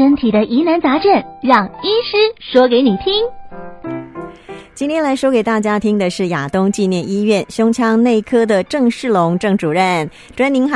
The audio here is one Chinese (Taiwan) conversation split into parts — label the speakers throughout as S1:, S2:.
S1: 身體的疑難雜症，讓醫
S2: 師說給你聽。
S1: 今天來說給大家聽的是亞東紀念醫院胸腔內科的鄭世隆鄭主任。主任您好，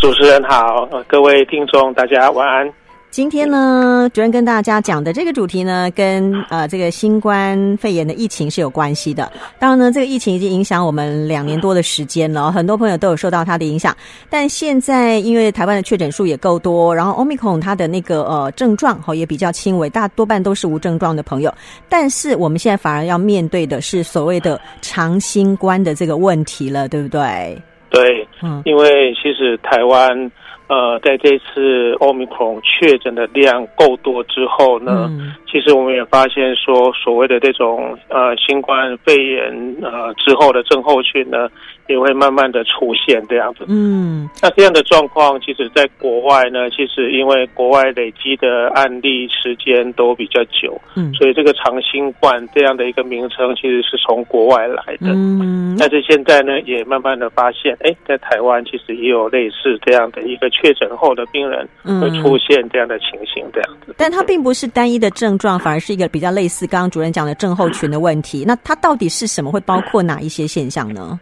S3: 主持人好，各位聽眾大家晚安。
S1: 今天呢，主任跟大家講的這個主題呢，跟呃這個新冠肺炎的疫情是有關係的。當然呢，這個疫情已經影響我們兩年多的時間了，很多朋友都有受到它的影響。但現在因為台灣的確診數也夠多，然後奧密克戎它的那個呃症狀哦也比較輕微，大多半都是無症狀的朋友。但是我們現在反而要面對的是所謂的長新冠的這個問題了，對不對？
S3: 對，嗯，因為其實台灣。呃，在這次奧密克戎確診的量夠多之後呢，嗯、其實我們也發現說，所謂的這種呃新冠肺炎呃之後的症候群呢。也會慢慢的出現這樣子。
S2: 嗯，
S3: 那這樣的狀況，其實在國外呢，其實因為國外累積的案例時間都比較久，嗯，所以這個長新冠這樣的一個名稱，其實是從國外來
S2: 的。嗯，但
S3: 是現在呢，也慢慢的發現，哎，在台灣其實也有類似這樣的一個確診後的病人會出現這樣的情形，這樣子。
S1: 嗯，但它並不是單一的症狀，反而是一個比較類似剛剛主任講的症候群的問題。嗯，那它到底是什麼？會包括哪一些現象呢？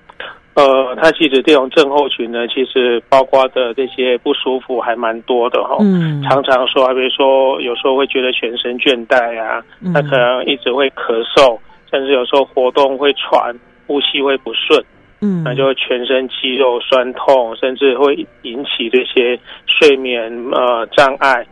S3: 呃，他其實這種症候群呢，其實包括的這些不舒服還蠻多的哈、哦。嗯，常常說，比如說，有時候會覺得全身倦怠啊，嗯、他可能一直會咳嗽，甚至有時候活動會喘，呼吸會不順。嗯，那就全身肌肉痠痛，甚至會引起這些睡眠呃障礙，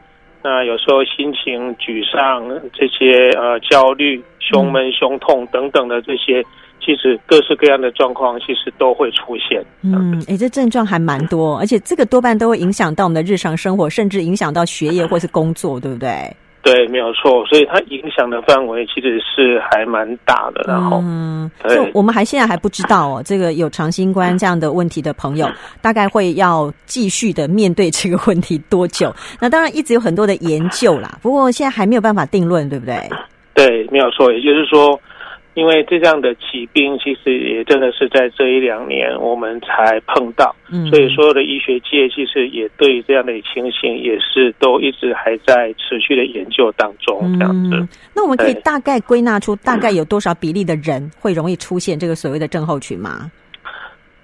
S3: 那有時候心情沮喪，這些呃焦慮、胸悶、胸痛等等的這些。其實各式各樣的狀況，其實都會出現。
S1: 嗯，哎，這症狀還蠻多，而且這個多半都會影響到我們的日常生活，甚至影響到學業或是工作，對不對？
S3: 對，沒有錯。所以它影響的範圍其實是還蠻大的。嗯、
S1: 然後，嗯，就我們還現在還不知道哦。這個有長新冠這樣的問題的朋友，大概會要繼續的面對這個問題多久？那當然一直有很多的研究啦。不過現在還沒有辦法定論，對不對？
S3: 對，沒有錯。也就是說。因為這樣的疾病，其實也真的是在這一兩年我們才碰到，所以所有的醫學界其實也對於這樣的情形也是都一直還在持續的研究當中。
S1: 這樣子，嗯，那我們可以大概歸納出大概有多少比例的人會容易出現這個所謂的症候群嗎？嗯
S3: 群嗎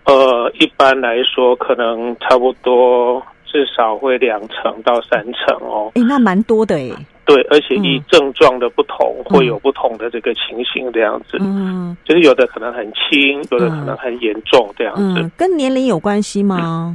S3: 嗯、呃，一般來說，可能差不多至少會兩成到三成哦。
S1: 哎，那蠻多的誒。
S3: 對，而且以症狀的不同，嗯，會有不同的這個情形這樣子，嗯，就是有的可能很輕，有的可能很嚴重這樣
S1: 子。嗯，跟年齡有關係嗎？
S2: 嗯，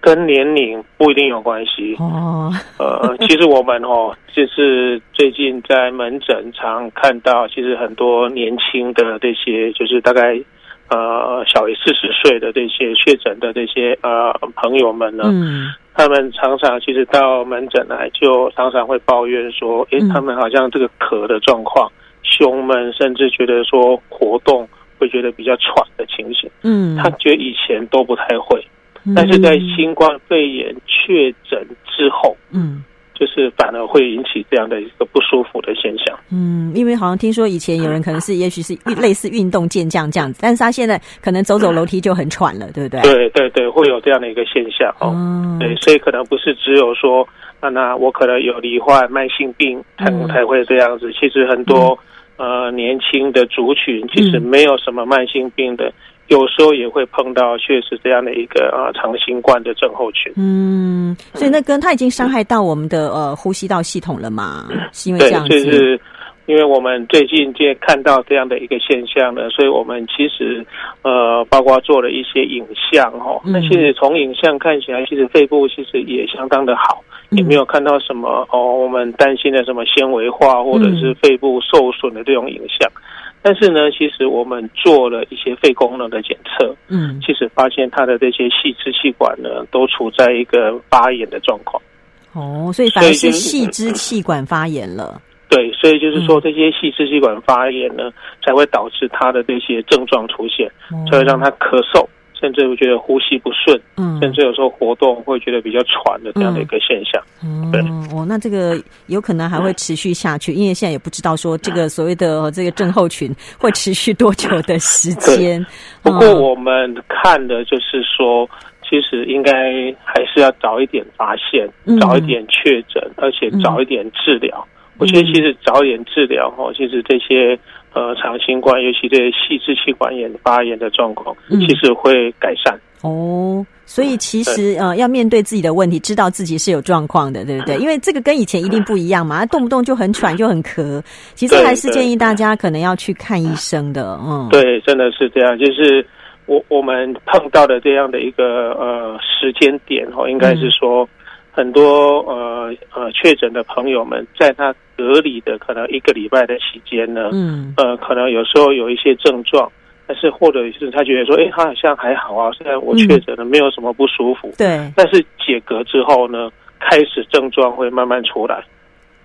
S3: 跟年齡不一定有關係哦。呃，其實我們哦， 就是最近在門診常看到，其實很多年輕的這些，就是大概。呃，小於四十歲的這些確診的這些呃朋友們呢，嗯，他們常常其實到門診來，就常常會抱怨說，誒，欸，他們好像這個咳的狀況，嗯，胸悶，甚至覺得說活動會覺得比較喘的情形。嗯，他覺得以前都不太會，但是在新冠肺炎確診之後，嗯。嗯就是反而會引起這樣的一個不舒服的現象。
S1: 嗯，因為好像聽說以前有人可能是，嗯、也許是類似運動健將這樣子，但是他現在可能走走樓梯就很喘了，嗯、對不對？對
S3: 對對，會有這樣的一個現象哦。哦對，所以可能不是只有說，那那我可能有罹患慢性病，才才會這樣子。嗯、其實很多、嗯、呃年輕的族群，其實沒有什麼慢性病的。嗯有時候也會碰到確實這樣的一個呃長、啊、新冠的症候群。嗯，
S1: 所以那跟它已經傷害到我們的、嗯、呃呼吸道系統了嘛？是因為這樣子？對，就是
S3: 因為我們最近接看到這樣的一個現象呢，所以我們其實呃，包括做了一些影像哦、喔，那其實從影像看起來，其實肺部其實也相當的好，也沒有看到什麼哦、喔、我們擔心的什麼纖維化或者是肺部受損的這種影像。但是呢，其實我們做了一些肺功能的檢測，嗯，其實發現他的這些細支氣管呢，都處在一個發炎的狀況。哦，
S1: 所以反而是細支氣管發炎了。
S3: 嗯。對，所以就是說這些細支氣管發炎呢，嗯，才會導致他的這些症狀出現，嗯，才會讓他咳嗽。甚至會覺得呼吸不順，嗯，甚至有時候活動會覺得比較喘的這樣的一個現象，
S1: 嗯，對嗯，哦，那這個有可能還會持續下去，嗯、因為現在也不知道說這個所謂的、嗯、這個症候群會持續多久的時間。
S3: 對嗯、不過我們看的就是說，其實應該還是要早一點發現，嗯、早一點確診，而且早一點治療。嗯、我覺得其實早一點治療哈，其實這些。呃，長新冠，尤其這些細支氣管炎、發炎的狀況，嗯、其實會改善
S2: 哦。所
S1: 以其實、嗯、呃，要面對自己的問題，知道自己是有狀況的，對不對？因為這個跟以前一定不一樣嘛，嗯、它動不動就很喘，就、嗯、很咳。其實還是建議大家可能要去看醫生的。
S2: 嗯，對，
S3: 對，真的是這樣。就是我我們碰到的這樣的一個呃時間點哦、呃，應該是說很多、嗯、呃呃確診的朋友們在他隔離的可能一個禮拜的期間呢，嗯，呃，可能有時候有一些症狀，但是或者是他覺得說，誒、欸，他好像還好啊，現在我確診了，沒有什麼不舒服，嗯、對，但是解隔之後呢，開始症狀會慢慢出來，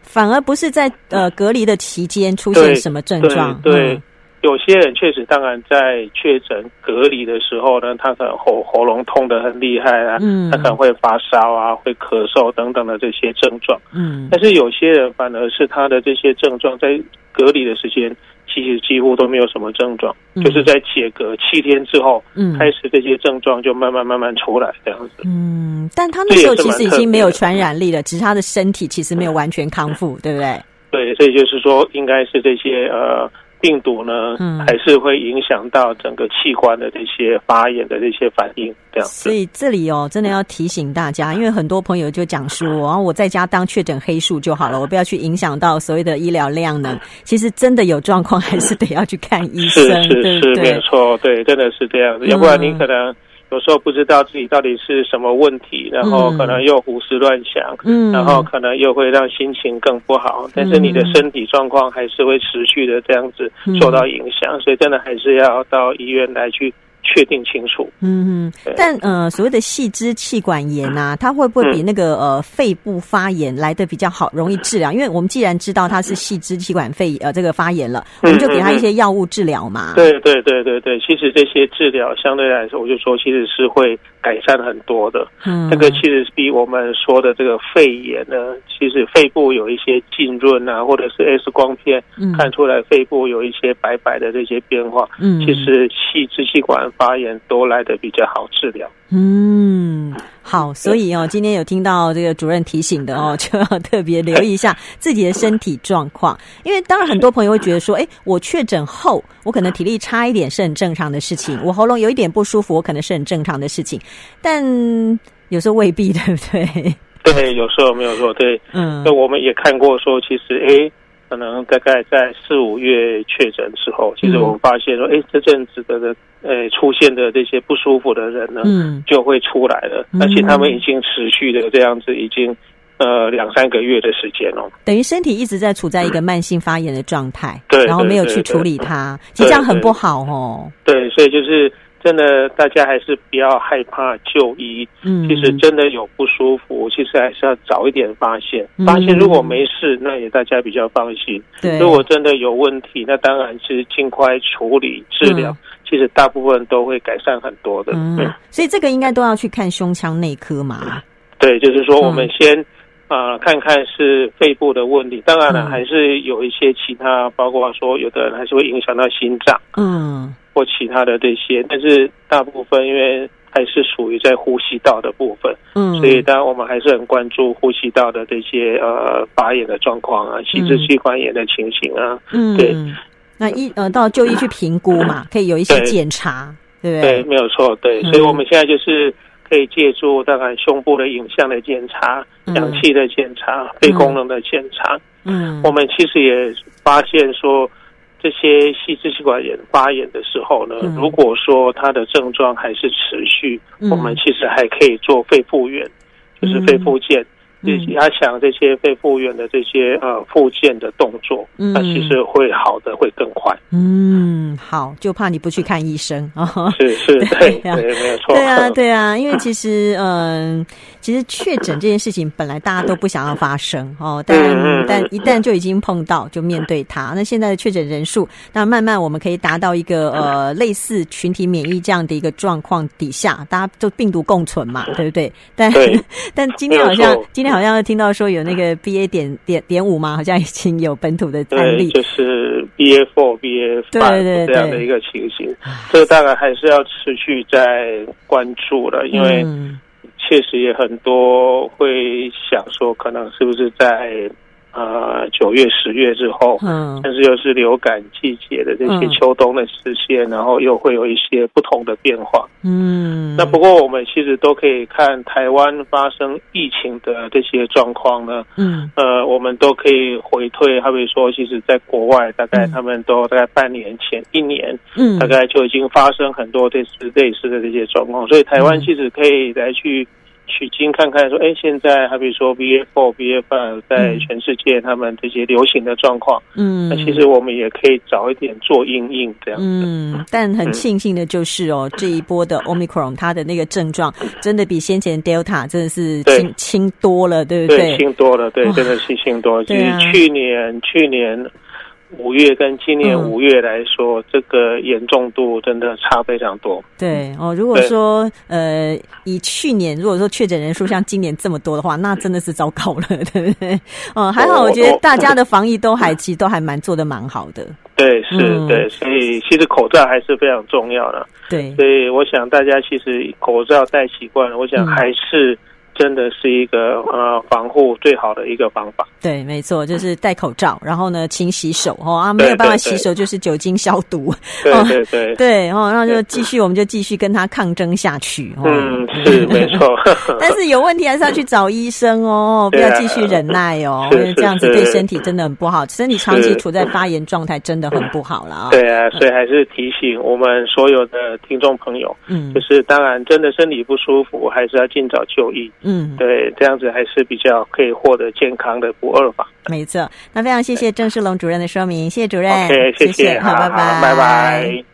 S1: 反而不是在呃隔離的期間出現什麼症狀，對。對嗯
S3: 有些人確實，當然在確診隔離的時候呢，他可能喉喉嚨痛得很厲害啊，嗯，他可能會發燒啊，會咳嗽等等的這些症狀。嗯，但是有些人反而是他的這些症狀在隔離的時間其實幾乎都沒有什麼症狀，嗯，就是在解隔七天之後，開始這些症狀就慢慢慢慢出來這樣子。嗯，
S1: 但他那時候其實已經沒有傳染力了，只是他的身體其實沒有完全康復，嗯，對不對？
S3: 對，所以就是說，應該是這些呃。病毒呢，嗯，還是會影響到整個器官的這些發炎的這些反應這樣子。所以
S1: 這裡哦，真的要提醒大家，因為很多朋友就講說，哦，我在家當確診黑數就好了，我不要去影響到所謂的醫療量呢。其實真的有狀況，還是得要去看醫生，
S3: 對對、嗯、對，沒錯，對，真的是這樣子，要、嗯、不然你可能。有時候不知道自己到底是什麼問題，然後可能又胡思亂想，
S2: 然後可
S3: 能又會讓心情更不好。但是你的身體狀況還是會持續的這樣子受到影響，所以真的還是要到醫院來去確定清楚，嗯，
S1: 但呃，所謂的細支氣管炎啊，它會不會比那個、嗯、呃肺部發炎來得比較好，容易治療？因為我們既然知道它是細支氣管肺呃這個發炎了，我們就給他一些藥物治療嘛。
S2: 對、嗯嗯
S3: 嗯、對對對對，其實這些治療相對來說，我就說其實是會改善很多的。嗯，這個其實是比我們說的這個肺炎呢，其實肺部有一些浸潤啊，或者是 X 光片、嗯、看出來肺部有一些白白的這些變化，嗯，其實細支氣管。發炎都來的比較好治
S2: 療。
S1: 嗯，好，所以哦，今天有聽到這個主任提醒的哦，就要特別留意一下自己的身體狀況。因為當然，很多朋友會覺得說，哎、欸，我確診後，我可能體力差一點是很正常的事情。我喉嚨有一點不舒服，我可能是很正常的事情。但有時候未必，對不對？
S3: 對，有時候沒有錯。對，嗯，那我們也看過說，其實，哎、欸，可能大概在四五月確診的時候，其實我們發現說，哎、嗯欸，這陣子的的。呃出現的這些不舒服的人呢，嗯、就會出來了。而且他們已經持續的這樣子，已經、嗯、呃兩三個月的時間哦。
S1: 等於身體一直在處在一個慢性發炎的狀態，對、嗯，然後沒有去處理它，對對對對其實這樣很不好哦。對，
S3: 對，所以就是真的，大家還是不要害怕就醫。嗯，其實真的有不舒服，其實還是要早一點發現。嗯、
S2: 發現如果沒
S3: 事，那也大家比較放心。對，如果真的有問題，那當然是儘快處理治療。嗯其實大部分都會改善很多的，嗯
S1: 嗯、所以這個應該都要去看胸腔內科嘛。
S3: 對，就是說我們先、嗯呃、看看是肺部的問題，當然了、嗯、還是有一些其他，包括說有的人還是會影響到心臟，嗯，或其他的這些，但是大部分因為還是屬於在呼吸道的部分，嗯，所以當然我們還是很關注呼吸道的這些呃發炎的狀況啊，細支氣管炎的情形啊，嗯，對。
S1: 那一呃到就醫去評估嘛，可以有一些檢查，對不對？對，
S3: 沒有錯，對。所以，我們現在就是可以借助大概胸部的影像的檢查、氧氣的檢查、肺功能的檢查。嗯，我們其實也發現說，這些細支氣管炎發炎的時候呢，如果說他的症狀還是持續，我們其實還可以做肺復原，
S2: 就是肺
S3: 復健。你加強這些被復原的這些呃復健的動作，那、嗯、其實會好的會更快。
S2: 嗯，
S1: 好，就怕你不去看醫生、哦、
S3: 啊。是是，對，沒有
S1: 錯。對啊，對啊，因為其實嗯、呃，其實確診這件事情本來大家都不想要發生哦，但、嗯、但一旦就已經碰到，就面對它。那現在的確診人數，那慢慢我們可以達到一個呃類似群體免疫這樣的一個狀況底下，大家就病毒共存嘛，對不對？但對但今天好像今天。好像聽到說有那個 BA 點點點五嘛，好像已經有本土的案例，對，就
S3: 是 BA four BA five 對對，對，對這樣的一個情形，這個大概還是要持續在關注了，因為確實也很多會想說，可能是不是在。呃，九月、十月之後，嗯，但是又是流感季節的這些秋冬的出現，嗯、然後又會有一些不同的變化，嗯。
S2: 那不
S3: 過我們其實都可以看台灣發生疫情的這些狀況呢，嗯。呃，我們都可以回退他比如說，其實在國外大概他們都大概半年前、嗯、一年，嗯，大概就已經發生很多類似類似的這些狀況，嗯、所以台灣其實可以來去。取經看看說，說、欸、哎，現在還比如說 BA.4、BA.5，在全世界他們這些流行的狀況，嗯，那其實我們也可以早一點做因應這樣。嗯，
S1: 但很慶幸的就是哦，嗯、這一波的 Omicron 它的那個症狀，真的比先前 Delta 真的是輕輕對多了，對不對？輕
S3: 多了，對，真的是輕多了，就是去年去年。五月跟今年五月來說，嗯、這個嚴重度真的差非常多。
S1: 對哦，如果說對呃，以去年如果說確診人數像今年這麼多的話，那真的是糟糕了，對不對？哦，還好，我覺得大家的防疫都還其實都還蠻做得蠻好的。
S3: 對，是，對，所以其實口罩還是非常重要的。對、嗯，所以我想大家其實口罩戴習慣，我想還是真的是一個、嗯、呃防護最好的一個方法。
S1: 對，沒錯，就是戴口罩，然後呢，勤洗手哦啊，沒有辦法洗手，就是酒精消毒。
S2: 對
S1: 對對，對，那就繼續，對我們就繼續跟他抗爭下去
S2: 哦。嗯，是
S3: 沒錯。但
S1: 是有問題還是要去找醫生哦，不要繼續忍耐哦，啊、因為這樣子對身體真的很不好。是是是，身體長期處在發炎狀態真的很不好了啊、哦。
S3: 對啊，所以還是提醒我們所有的聽眾朋友，嗯，就是當然，真的身體不舒服，還是要盡早就醫。嗯，對，這樣子還是比較可以獲得健康的。沒
S1: 錯，那非常謝謝鄭世隆主任的說明，謝謝主任，okay, 謝謝，好，拜拜，拜拜。